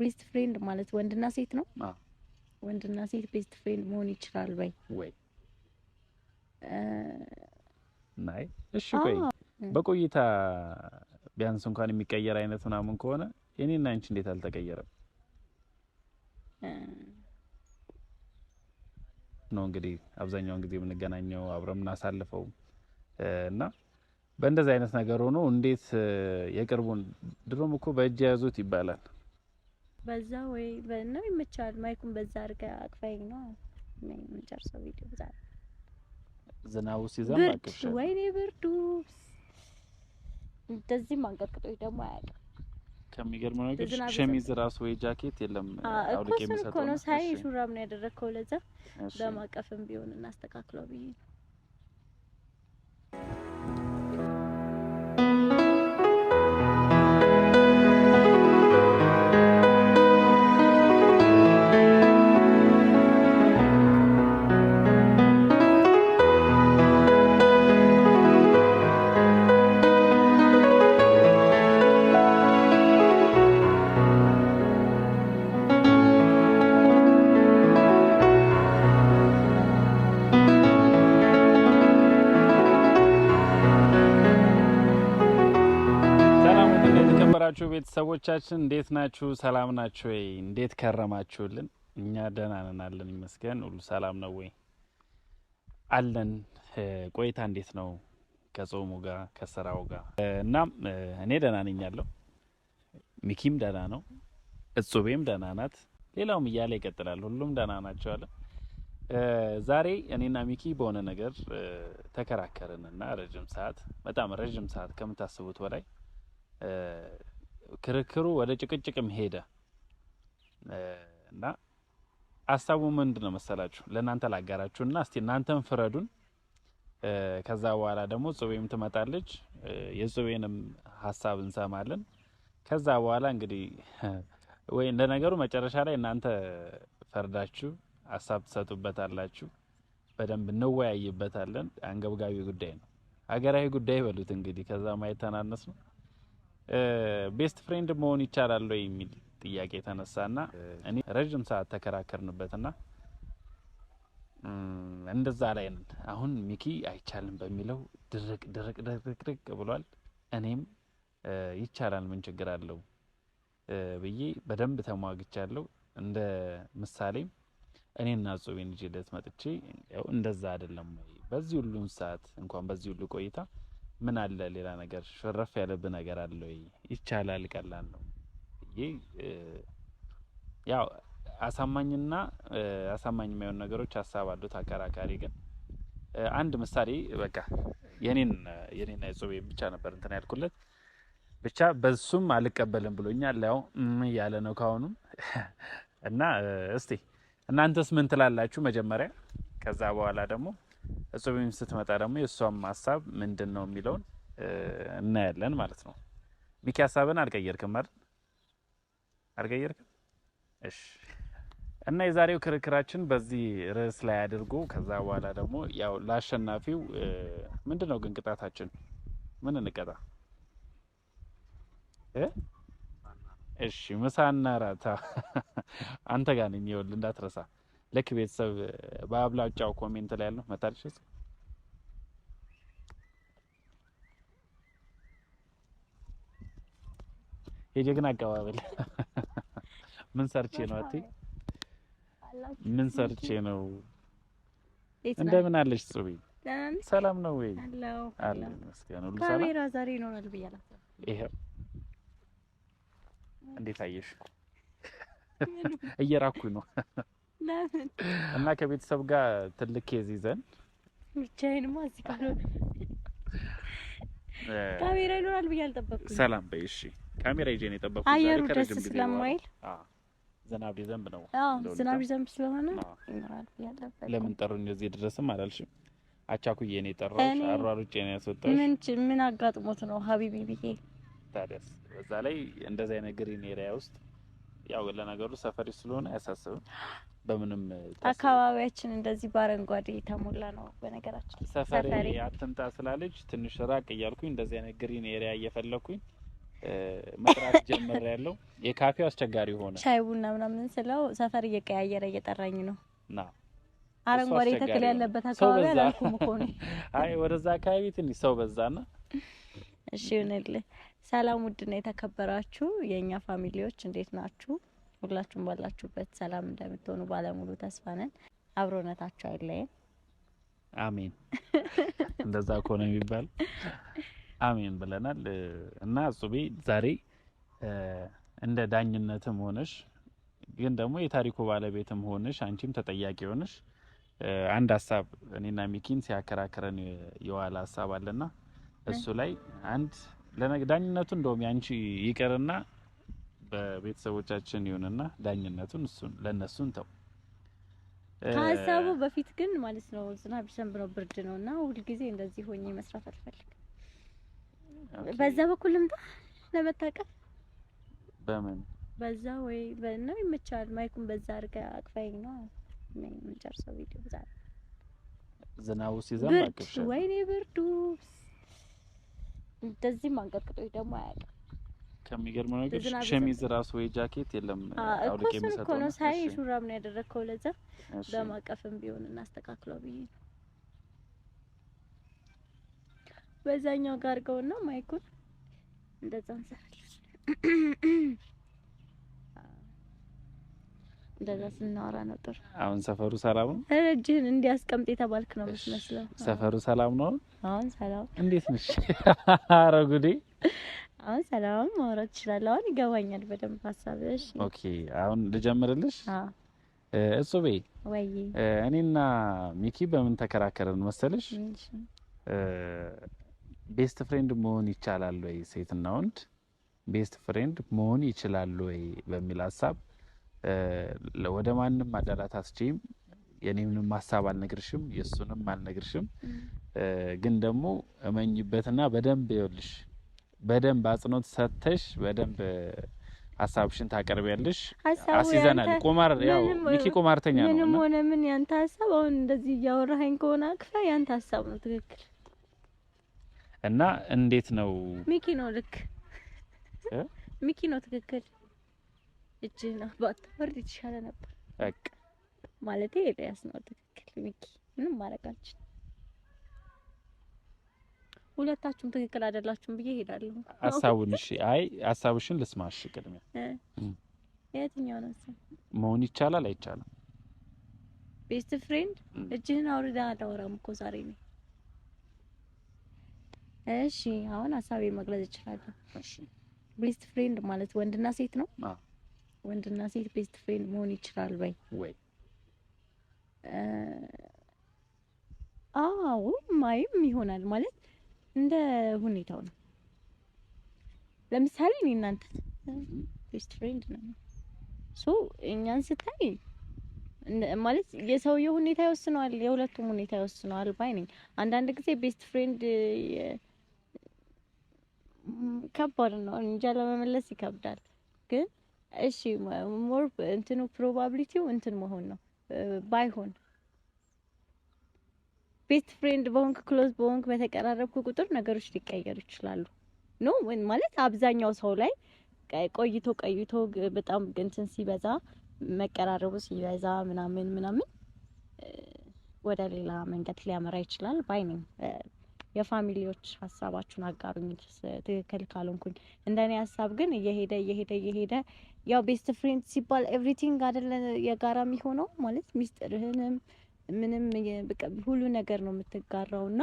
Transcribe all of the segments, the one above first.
ቤስት ፍሬንድ ማለት ወንድና ሴት ነው። ወንድና ሴት ቤስት ፍሬንድ መሆን ይችላል ወይ? ወይ ናይ እሺ፣ ቆይ በቆይታ ቢያንስ እንኳን የሚቀየር አይነት ምናምን ከሆነ እኔና አንቺ እንዴት አልተቀየረም ነው እንግዲህ አብዛኛውን ጊዜ የምንገናኘው አብረን የምናሳልፈው እና በእንደዚህ አይነት ነገር ሆኖ እንዴት የቅርቡን ድሮም እኮ በእጅ ያዙት ይባላል በዛ ወይ ነው ይመቻል። ማይኩን በዛ አድርጋ አቅፋኝ ነው የምንጨርሰው ቪዲዮ ዛሬ። ዝናቡ ሲዘንብ አቅፍሽ ወይኔ ብርዱ እንደዚህ ማንቀጥቅጦ ደግሞ አያውቅም። ከሚገርመው ነገር ሸሚዝ ራሱ ወይ ጃኬት የለም አውልቄ የሚሰጠው ነው። ሳይ ሹራብ ነው ያደረግከው። ለዛ በማቀፍም ቢሆን እናስተካክለው ብዬ ነው ቤተሰቦቻችን እንዴት ናችሁ? ሰላም ናችሁ ወይ? እንዴት ከረማችሁልን? እኛ ደህና ነን አለን ይመስገን። ሁሉ ሰላም ነው ወይ? አለን ቆይታ እንዴት ነው ከጾሙ ጋር ከስራው ጋር እና እኔ ደህና ነኝ ያለው ሚኪም ደህና ነው፣ እጹቤም ደህና ናት፣ ሌላውም እያለ ይቀጥላል። ሁሉም ደህና ናቸው አለ። ዛሬ እኔና ሚኪ በሆነ ነገር ተከራከርንና እና ረጅም ሰዓት በጣም ረጅም ሰዓት ከምታስቡት በላይ ክርክሩ ወደ ጭቅጭቅም ሄደ እና ሀሳቡ ምንድን ነው መሰላችሁ? ለእናንተ ላጋራችሁና እስቲ እናንተን ፍረዱን። ከዛ በኋላ ደግሞ ጽቤም ትመጣለች፣ የጽቤንም ሀሳብ እንሰማለን። ከዛ በኋላ እንግዲህ ወይ እንደነገሩ መጨረሻ ላይ እናንተ ፈርዳችሁ ሀሳብ ትሰጡበታላችሁ። በደንብ እንወያይበታለን። አንገብጋቢ ጉዳይ ነው፣ ሀገራዊ ጉዳይ በሉት እንግዲህ ከዛ ተናነስ ነው። ቤስት ፍሬንድ መሆን ይቻላል ወይ የሚል ጥያቄ ተነሳና እኔ ረዥም ሰዓት ተከራከርንበትና እንደዛ ላይ ነን። አሁን ሚኪ አይቻልም በሚለው ድርቅ ድርቅ ድርቅ ብሏል። እኔም ይቻላል ምን ችግር አለው ብዬ በደንብ ተሟግቻለሁ። እንደ ምሳሌም እኔና ጾቤን ልጅለት መጥቼ ያው እንደዛ አይደለም ወይ በዚህ ሁሉን ሰዓት እንኳን በዚህ ሁሉ ቆይታ ምን አለ ሌላ ነገር ሽረፍ ያለብህ ነገር አለ ወይ? ይቻላል፣ ቀላል ነው። ይህ ያው አሳማኝና አሳማኝ የማይሆን ነገሮች ሀሳብ አሉት አከራካሪ። ግን አንድ ምሳሌ በቃ የኔን የኔን የጾቤ ብቻ ነበር እንትን ያልኩለት ብቻ በሱም አልቀበልም ብሎኛል። ያው እያለ ነው ካሁኑም እና እስቲ እናንተስ ምን ትላላችሁ መጀመሪያ ከዛ በኋላ ደግሞ እጹብም ስትመጣ ደግሞ የእሷም ሀሳብ ምንድን ነው የሚለውን እናያለን ማለት ነው። ሚኪ ሀሳብን አልቀየርክም አይደል? አልቀየርክም። እሺ። እና የዛሬው ክርክራችን በዚህ ርዕስ ላይ አድርጎ ከዛ በኋላ ደግሞ ያው ለአሸናፊው ምንድን ነው ግን ቅጣታችን? ምን እንቀጣ? እሺ ምሳና ራታ አንተ ጋር ነኝ። የሚወል እንዳትረሳ። ልክ ቤተሰብ በአብላጫው ኮሜንት ላይ ያለው መታልሽ የጀግና አቀባበል ምን ሰርቼ ነው አቲ ምን ሰርቼ ነው? እንደምን አለሽ ጽቢ? ሰላም ነው ወይ? አለ መስገን ሁሉ ሰላም። ካሜራ ዛሬ ይኖራል ብያለሁ። ይሄ እንዴት አየሽ? እየራኩኝ ነው እና ከቤተሰብ ጋር ትልቅ ኬዝ ይዘን ብቻዬንማ እዚህ ካልሆነ ካሜራ ይኖራል ብዬ አልጠበቅኩም። ሰላም በይ። እሺ ካሜራ ይዤ ነው የጠበቅኩት። አየሩ ደስ ስለማይል ዝናብ ይዘንብ ነው። ዝናብ ይዘንብ ስለሆነ ይኖራል ብዬ አልጠበቅኩም። ለምን ጠሩኝ እዚህ ድረስም አላልሽም? አቻኩዬ ነው የጠራሁሽ፣ አሯሩጬ ነው ያስወጣሁሽ። ምን ምን አጋጥሞት ነው ሀቢቢ ብዬ ታዲያስ በዛ ላይ እንደዚህ አይነት ግሪን ኤሪያ ውስጥ ያው ለነገሩ ሰፈሪ ስለሆነ አያሳስብም። በምንም አካባቢያችን እንደዚህ በአረንጓዴ የተሞላ ነው። በነገራችን ሰፈሪ አትምጣ ስላለች ትንሽ ራቅ እያልኩኝ እንደዚህ አይነት ግሪን ኤሪያ እየፈለግኩኝ መጥራት ጀምር ያለው የካፌው አስቸጋሪ ሆነ። ሻይ ቡና ምናምን ስለው ሰፈር እየቀያየረ እየጠራኝ ነው ና አረንጓዴ ተክል ያለበት አካባቢ አላልኩም እኮ ነው። አይ ወደዛ አካባቢ ትንሽ ሰው በዛ ና። እሺ ይሁንልህ። ሰላም ውድና የተከበራችሁ የእኛ ፋሚሊዎች እንዴት ናችሁ? ሁላችሁም ባላችሁበት ሰላም እንደምትሆኑ ባለሙሉ ተስፋ ነን። አብሮነታችሁ አይለየን። አሜን። እንደዛ ከሆነ የሚባል አሜን ብለናል እና ጹቤ ዛሬ እንደ ዳኝነትም ሆነሽ ግን ደግሞ የታሪኩ ባለቤትም ሆነሽ አንቺም ተጠያቂ ሆነሽ አንድ ሀሳብ እኔና ሚኪን ሲያከራክረን የዋለ ሀሳብ አለና እሱ ላይ አንድ ዳኝነቱ እንደውም ያንቺ ይቅርና በቤተሰቦቻችን ይሁንና ዳኝነቱን እሱን ለእነሱን ተው። ከሀሳቡ በፊት ግን ማለት ነው ዝናብ ዘንብ ነው ብርድ ነው እና ሁልጊዜ እንደዚህ ሆኜ መስራት አልፈልግም። በዛ በኩል ልምጣ ለመታቀፍ በምን በዛ ወይ በእና ይመቻል። ማይኩን በዛ አድርገህ አቅፋኝ ነው የምንጨርሰው ቪዲዮ ዛሬ። ዝናቡ ሲዘንብ ወይኔ ብርዱ እንደዚህ ማንቀጥቅጦኝ ደግሞ አያውቅም። ከሚገርመው ነገር ሸሚዝ ራሱ ወይ ጃኬት የለም አውልቄ የሚሰጠው ነው። ሳይ ሹራብ ነው ያደረግከው። ለዛ በማቀፍም ቢሆን እናስተካክለው ብዬ ነው። በዛኛው ጋር አድርገውና ማይኩን እንደዛ እንሰራለን። እንደዛ ስናወራ ነው ጥሩ። አሁን ሰፈሩ ሰላም ነው። እጅህን እንዲያስቀምጥ የተባልክ ነው የምትመስለው። ሰፈሩ ሰላም ነው። አሁን ሰላም። እንዴት ነሽ? ኧረ ጉዴ አሁን ሰላም ማውራት ይችላል። አሁን ይገባኛል በደንብ ሀሳብ። ኦኬ፣ አሁን ልጀምርልሽ። እጹቤ ወይ እኔና ሚኪ በምን ተከራከረን መሰለሽ? ቤስት ፍሬንድ መሆን ይቻላል ወይ ሴትና ወንድ ቤስት ፍሬንድ መሆን ይችላሉ ወይ በሚል ሀሳብ ወደ ማንም አዳላት አስቼም የኔንም ሀሳብ አልነግርሽም የእሱንም አልነግርሽም። ግን ደግሞ እመኝበትና በደንብ ይኸውልሽ በደንብ አጽንኦት ሰጥተሽ በደንብ ሀሳብሽን ታቀርቢያለሽ። አስይዘናል። ቁማር ያው ሚኪ ቁማርተኛ ነው። ምንም ሆነ ምን ያንተ ሀሳብ አሁን እንደዚህ እያወራኸኝ ከሆነ አቅፋ ያንተ ሀሳብ ነው ትክክል። እና እንዴት ነው ሚኪ ነው ልክ ሚኪ ነው ትክክል። እጅህን ባታወርድ ይሻለ ነበር። በቃ ማለቴ ኤልያስ ነው ትክክል። ሚኪ ምንም ማድረግ አልችልም። ሁለታችሁም ትክክል አይደላችሁም ብዬ ሄዳለሁ። ሀሳቡን እሺ፣ አይ ሀሳብሽን ልስማሽ። ቅድሚያ የትኛው ነው መሆን ይቻላል አይቻልም? ቤስት ፍሬንድ እጅህን አውርዳ አላወራም እኮ ዛሬ ነው። እሺ አሁን ሀሳቤ መግለጽ እችላለሁ። ቤስት ፍሬንድ ማለት ወንድና ሴት ነው። ወንድና ሴት ቤስት ፍሬንድ መሆን ይችላል ወይ? አዎ ማይም ይሆናል ማለት እንደ ሁኔታው ነው። ለምሳሌ እኔ እናንተ ቤስት ፍሬንድ ነው ሶ እኛን ስታይ ማለት የሰውየው ሁኔታ ይወስነዋል፣ የሁለቱም ሁኔታ ይወስነዋል ባይ ነኝ። አንዳንድ ጊዜ ቤስት ፍሬንድ ከባድ ነው እንጃ ለመመለስ ይከብዳል። ግን እሺ ሞር እንትኑ ፕሮባቢሊቲው እንትን መሆን ነው ባይሆን ቤስት ፍሬንድ በሆንክ ክሎዝ በሆንክ በተቀራረብኩ ቁጥር ነገሮች ሊቀየሩ ይችላሉ። ኖ ማለት አብዛኛው ሰው ላይ ቆይቶ ቆይቶ በጣም እንትን ሲበዛ መቀራረቡ ሲበዛ ምናምን ምናምን ወደ ሌላ መንገድ ሊያመራ ይችላል ባይ ነኝ። የፋሚሊዎች ሀሳባችሁን አጋሩኝ፣ ትክክል ካልሆንኩኝ። እንደኔ ሀሳብ ግን እየሄደ እየሄደ እየሄደ ያው ቤስት ፍሬንድ ሲባል ኤቭሪቲንግ አይደለ የጋራ የሚሆነው ማለት ሚስጥርህንም ምንም በቃ ሁሉ ነገር ነው የምትጋራው እና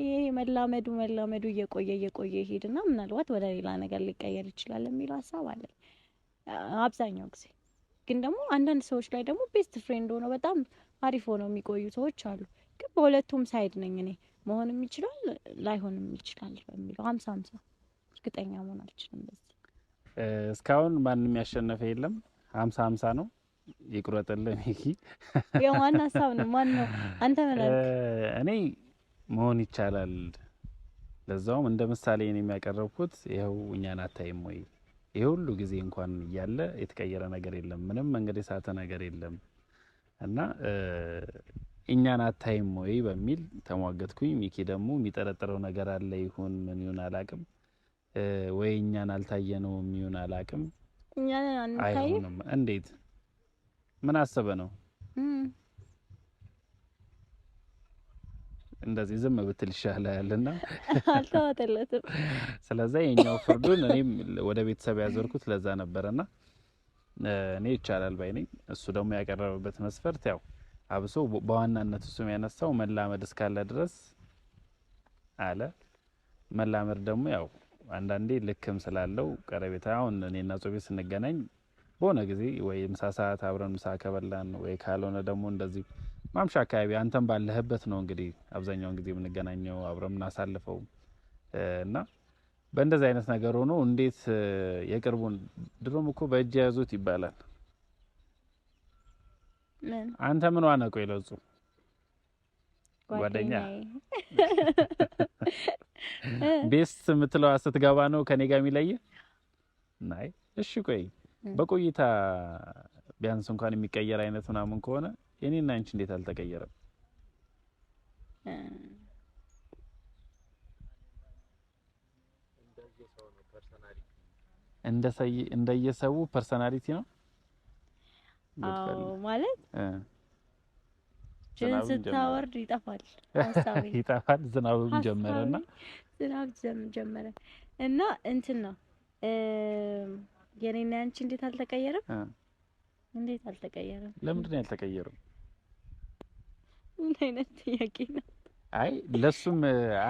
ይሄ መላመዱ መላመዱ እየቆየ እየቆየ ይሄድና ምናልባት ወደ ሌላ ነገር ሊቀየር ይችላል የሚለው ሀሳብ አለ። አብዛኛው ጊዜ ግን ደግሞ አንዳንድ ሰዎች ላይ ደግሞ ቤስት ፍሬንድ ሆነው በጣም አሪፍ ሆነው የሚቆዩ ሰዎች አሉ። ግን በሁለቱም ሳይድ ነኝ እኔ መሆንም ይችላል ላይሆንም ይችላል በሚለው ሀምሳ ሀምሳ እርግጠኛ መሆን አልችልም። በዚህ እስካሁን ማንም ያሸነፈ የለም። ሀምሳ ሀምሳ ነው። ይቁረጠልህ ሚኪ። ማን ሀሳብ ነው ማን ነው አንተ ምን አልክ? እኔ መሆን ይቻላል። ለዛውም እንደ ምሳሌ ነው የሚያቀርብኩት። ይኸው እኛን አታይም ወይ? ይህ ሁሉ ጊዜ እንኳን እያለ የተቀየረ ነገር የለም። ምንም መንገድ የሳተ ነገር የለም እና እኛን አታይም ወይ በሚል ተሟገትኩኝ። ሚኪ ደግሞ የሚጠረጥረው ነገር አለ። ይሁን ምን ይሁን አላቅም፣ ወይ እኛን አልታየነውም ይሁን አላቅም። እኛን እንዴት ምን አሰበ ነው እንደዚህ ዝም ብትል ይሻላልና አልተዋጠለትም። ስለዚህ የኛው ፍርዱን እኔም ወደ ቤተሰብ ያዞርኩት ለዛ ነበረና እኔ ይቻላል ባይ ነኝ። እሱ ደግሞ ያቀረበበት መስፈርት ያው አብሶ በዋናነት እሱም ያነሳው መላመድ እስካለ ድረስ አለ። መላመድ ደግሞ ያው አንዳንዴ ልክም ስላለው ቀረቤታ አሁን እኔና ጾቤ ስንገናኝ በሆነ ጊዜ ወይ ምሳ ሰዓት አብረን ምሳ ከበላን ወይ ካልሆነ ደግሞ እንደዚህ ማምሻ አካባቢ አንተም ባለህበት ነው እንግዲህ አብዛኛውን ጊዜ የምንገናኘው አብረን የምናሳልፈው እና በእንደዚህ አይነት ነገር ሆኖ እንዴት የቅርቡን ድሮም እኮ በእጅ ያዙት ይባላል። አንተ ምን ዋነቁ ቆይ ጓደኛ ቤስት የምትለዋ ስትገባ ነው ከኔ ጋር የሚለየ ናይ እሺ ቆይ በቆይታ ቢያንስ እንኳን የሚቀየር አይነት ምናምን ከሆነ የኔና አንቺ እንዴት አልተቀየረም? እንደየሰው ፐርሰናሊቲ ነው ማለት ጀን ስታወርድ ይጠፋል ይጠፋል። ዝናብም ጀመረና ዝናብ ጀመረ እና እንትን ነው የኔና ያንቺ እንዴት አልተቀየረም? እንዴት አልተቀየረም? ለምንድን ነው ያልተቀየረው? ምን አይነት ጥያቄ ነው? አይ ለሱም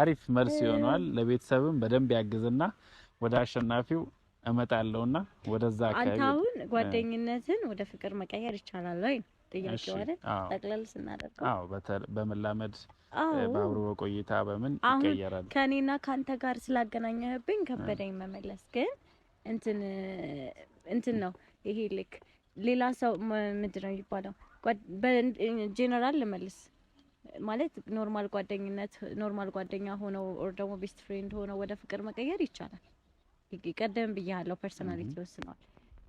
አሪፍ መልስ ይሆነዋል። ለቤተሰብም በደንብ ያግዝና ወደ አሸናፊው እመጣለሁና ወደዛ አካባቢ አንተ አሁን ጓደኝነትን ወደ ፍቅር መቀየር ይቻላል ወይ? ጥያቄው አይደል? ጠቅለል ስናደርገው አዎ፣ በመላመድ በአብሮ በቆይታ በምን ይቀየራል። አሁን ከኔና ካንተ ጋር ስላገናኘህብኝ ከበደኝ መመለስ ግን እንትን እንትን ነው ይሄ ልክ ሌላ ሰው ምንድን ነው የሚባለው? በጄኔራል ልመልስ ማለት ኖርማል ጓደኝነት ኖርማል ጓደኛ ሆነው ኦር ደግሞ ቤስት ፍሬንድ ሆነው ወደ ፍቅር መቀየር ይቻላል። ቀደም ብያለሁ፣ ፐርሶናሊቲ ወስነዋል።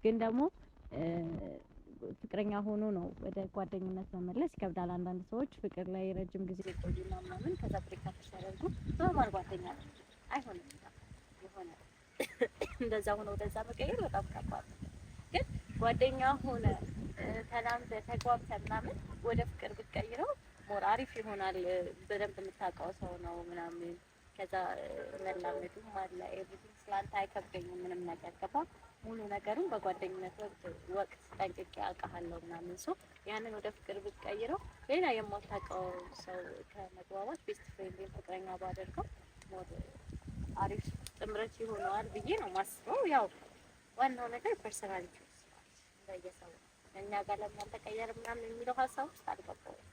ግን ደግሞ ፍቅረኛ ሆኖ ነው ወደ ጓደኝነት መመለስ ይከብዳል። አንዳንድ ሰዎች ፍቅር ላይ ረጅም ጊዜ ቆዩና ምናምን ከዛ ብሬክ ተደርጎ ኖርማል ጓደኛ አይሆንም። እንደዛ ሆነ ወደዛ መቀየር በጣም ከባድ ነው። ግን ጓደኛ ሆነ ተላም ተግባብተ ምናምን ወደ ፍቅር ብትቀይረው ሞር አሪፍ ይሆናል። በደንብ የምታውቀው ሰው ነው ምናምን ከዛ መላመዱ አለ ኤቭሪቲንግ ስላንተ አይከብደኝም ምንም ነገር ገባ ሙሉ ነገሩን በጓደኝነት ወቅት ጠንቅቄ አውቃለሁ ምናምን ሰው ያንን ወደ ፍቅር ብትቀይረው ሌላ የማታውቀው ሰው ከመግባባት ቤስት ፍሬንድ ፍቅረኛ ባደርገው ሞር አሪፍ ጥምረት ይሆነዋል ብዬ ነው ማስበው። ያው ዋናው ነገር ፐርሰናሊቲ እንደየሰው እኛ ጋር ለምን አልተቀየርም ምናምን የሚለው ሀሳብ ውስጥ አልገባሁም።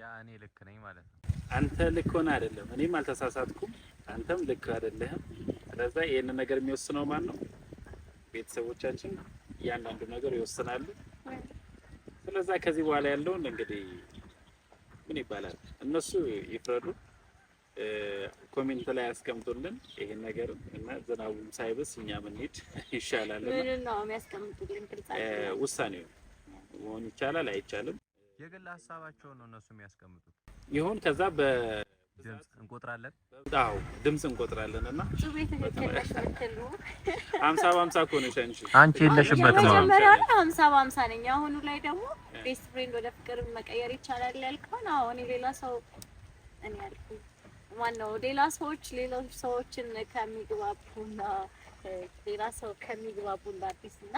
ያ እኔ ልክ ነኝ ማለት ነው። አንተ ልክ ሆነ አይደለም፣ እኔም አልተሳሳትኩም፣ አንተም ልክ አይደለህም። ስለዛ ይህንን ነገር የሚወስነው ማን ነው? ቤተሰቦቻችን እያንዳንዱ ነገር ይወስናሉ። ስለዛ ከዚህ በኋላ ያለውን እንግዲህ ምን ይባላል እነሱ ይፍረዱ። ኮሜንት ላይ አስቀምጡልን ይሄን ነገር እና ዝናቡም ሳይብስ እኛ ምንሄድ ይሻላል። ውሳኔው መሆን ይቻላል አይቻልም፣ የግል ሀሳባቸውን ነው እነሱ የሚያስቀምጡት ይሁን። ከዛ በድምጽ ድምጽ እንቆጥራለን እና ሀምሳ በሀምሳ እኮ ነሽ አንቺ የለሽበት ነው መጀመሪያ ሀምሳ በሀምሳ ነኝ። አሁኑ ላይ ደግሞ ቤስት ፍሬንድ ወደ ፍቅር መቀየር ይቻላል ያልከውን አሁን ሌላ ሰው እኔ ያልኩኝ ዋናው ሌላ ሰዎች ሌላ ሰዎችን ከሚግባቡና ሌላ ሰው ከሚግባቡ እንዳዲስ እና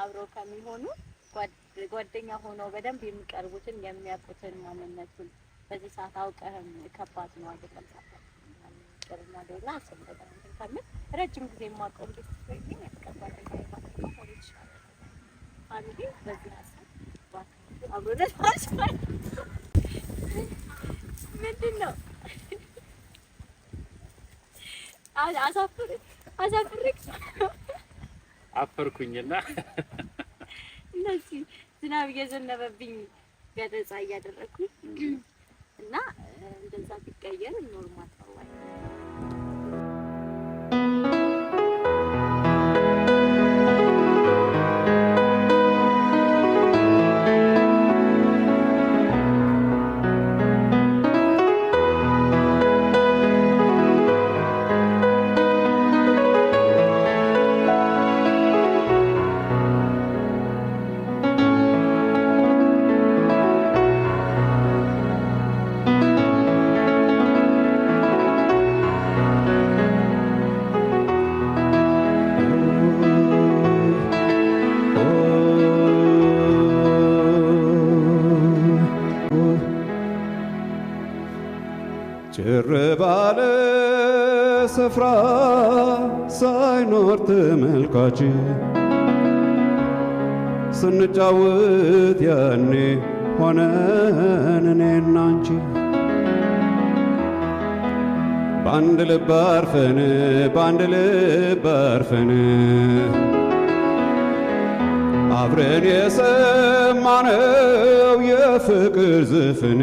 አብረው ከሚሆኑ ጓደኛ ሆነው በደንብ የሚቀርቡትን የሚያውቁትን ማንነቱን በዚህ ሰዓት አውቀህም ከባድ ነው አይደለም። ቅርና ሌላ አስፈለጋል ከምል ረጅም ጊዜ የማውቀው ቤት ወይም ያስቀባለ ማለ በዚህ ሀሳብ አብሮነት ምንድን ነው? አሳፍርክ አፈርኩኝና እንደዚህ ዝናብ እየዘነበብኝ ገለጻ እያደረግኩኝ እና እንደዛ ቢቀየር ኖርማል ነው። ስፍራ ሳይኖር ተመልካች ስንጫወት ያኔ ሆነን እኔና አንቺ በአንድ ልብ አርፈን በአንድ ልብ አርፈን አብረን የሰማነው የፍቅር ዝፍን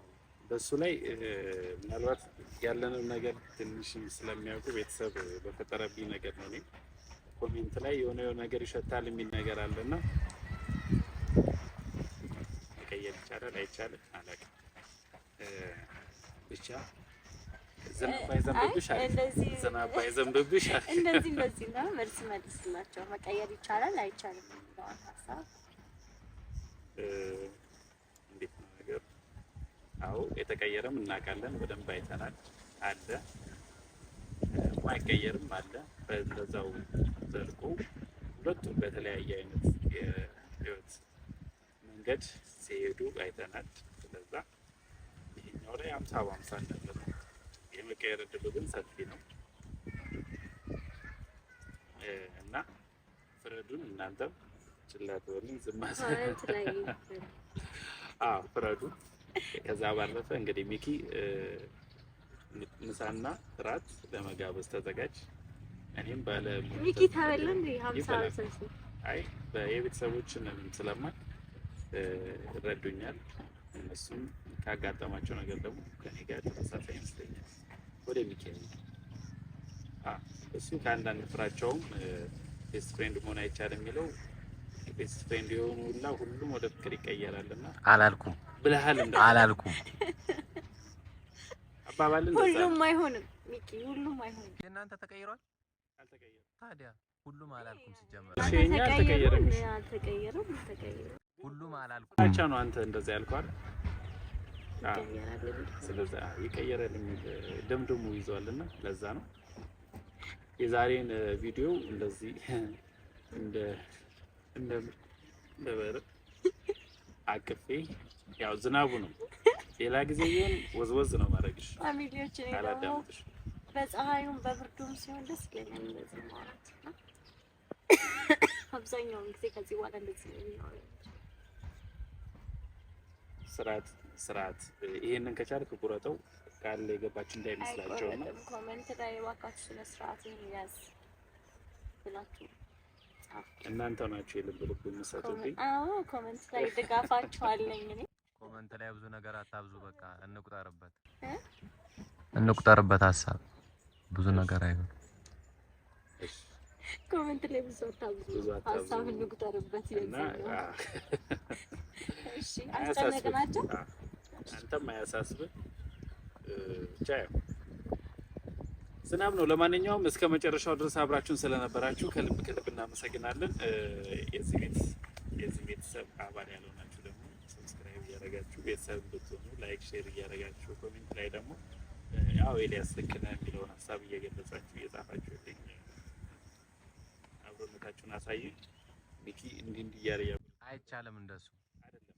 በእሱ ላይ ምናልባት ያለንን ነገር ትንሽም ስለሚያውቁ ቤተሰብ በፈጠረብኝ ነገር ነው። እኔም ኮሜንት ላይ የሆነ የሆነ ነገር ይሸታል የሚል ነገር አለ አለና መቀየር ይቻላል አይቻልም አላውቅም። ብቻ ዝናብ አይዘንብብሽ ዝናብ አይዘንብብሽ እንደዚህ እንደዚህ ነው። መልስ መልስላቸው መቀየር ይቻላል አይቻልም ሀሳብ አዎ የተቀየረም እናውቃለን፣ በደንብ አይተናል። አለ ማይቀየርም አለ። በዛው ዘልቆ ሁለቱም በተለያየ አይነት የህይወት መንገድ ሲሄዱ አይተናል። ስለዛ ይሄኛው ላይ አምሳ በአምሳ እንዳለ የመቀየር እድሉ ግን ሰፊ ነው እና ፍረዱን እናንተም ችላ ትሆኑ ዝማ አዎ ፍረዱ። ከዛ ባለፈ እንግዲህ ሚኪ ምሳና ራት ለመጋበዝ ተዘጋጅ። እኔም ባለ ሚኪ ታበላ እንዴ? 50 50 አይ የቤተሰቦችን ስለማል ረዱኛል። እነሱም ካጋጠማቸው ነገር ደግሞ ከኔ ጋር ተመሳሳይ ይመስለኛል። ወደ ሚኪ እሱ ከአንዳንድ ፍራቸውም ቤስት ፍሬንድ መሆን አይቻልም የሚለው ቤስት ፍሬንድ የሆኑ ሁላ ሁሉም ወደ ፍቅር ይቀየራልና አላልኩም ብለሃል አላልኩም። ሁሉም አይሆንም ሚኪ፣ ሁሉም አይሆንም። የእናንተ ተቀይሯል። ታዲያ ሁሉም አላልኩም። ሲጀመር አልተቀየረም፣ አልተቀየረም። ሁሉም አላልኩም ብቻ ነው አንተ እንደዚያ ያልከው አይደል? ስለዛ ደምደሙ ይዘዋልና ለዛ ነው የዛሬን ቪዲዮ እንደዚህ እንደ እንደ አቅፌ ያው ዝናቡ ነው። ሌላ ጊዜ ግን ወዝወዝ ነው ማድረግሽ። ፋሚሊዎች እኔ ደግሞ በፀሐዩም በብርዱም ሲሆን ደስ ይለኛል እንደዚህ ማለት ነው። አብዛኛውን ጊዜ ከዚህ በኋላ እንደዚህ ነው የሚሆነው። ስርዓት ስርዓት ይሄንን ከቻልክ ቁረጠው ቃል የገባች እንዳይመስላቸው ነው። ኮመንት ላይ እባካችሁ ስነ ስርዓት ያዝ ብላችሁ እናንተ ናችሁ የልብ ልብ የምትሰጡብኝ። አዎ ኮመንት ላይ ድጋፋችሁ አለኝ። እኔ ኮመንት ላይ ብዙ ነገር አታብዙ። በቃ እንቁጠርበት እንቁጠርበት ሀሳብ ብዙ ነገር አይሆን። ኮመንት ላይ ብዙ አታብዙ፣ ሀሳብ እንቁጠርበት። እሺ አስጨነቅናቸው። አንተም አያሳስብህ ብቻ ያው ዝናብ ነው። ለማንኛውም እስከ መጨረሻው ድረስ አብራችሁን ስለነበራችሁ ከልብ ከልብ እናመሰግናለን። የዚህ ቤት የዚህ ቤተሰብ አባል ያልሆናችሁ ደግሞ ሰብስክራይብ እያደረጋችሁ ቤተሰብ ብትሆኑ ላይክ፣ ሼር እያደረጋችሁ ኮሜንት ላይ ደግሞ ያው ኤልያስ ልክ ነህ የሚለውን ሀሳብ እየገለጻችሁ እየጻፋችሁ ልኝ አብሮነታችሁን አሳዩ። ሚኪ እንዲህ እንዲህ እያደረጋችሁ አይቻልም እንደሱ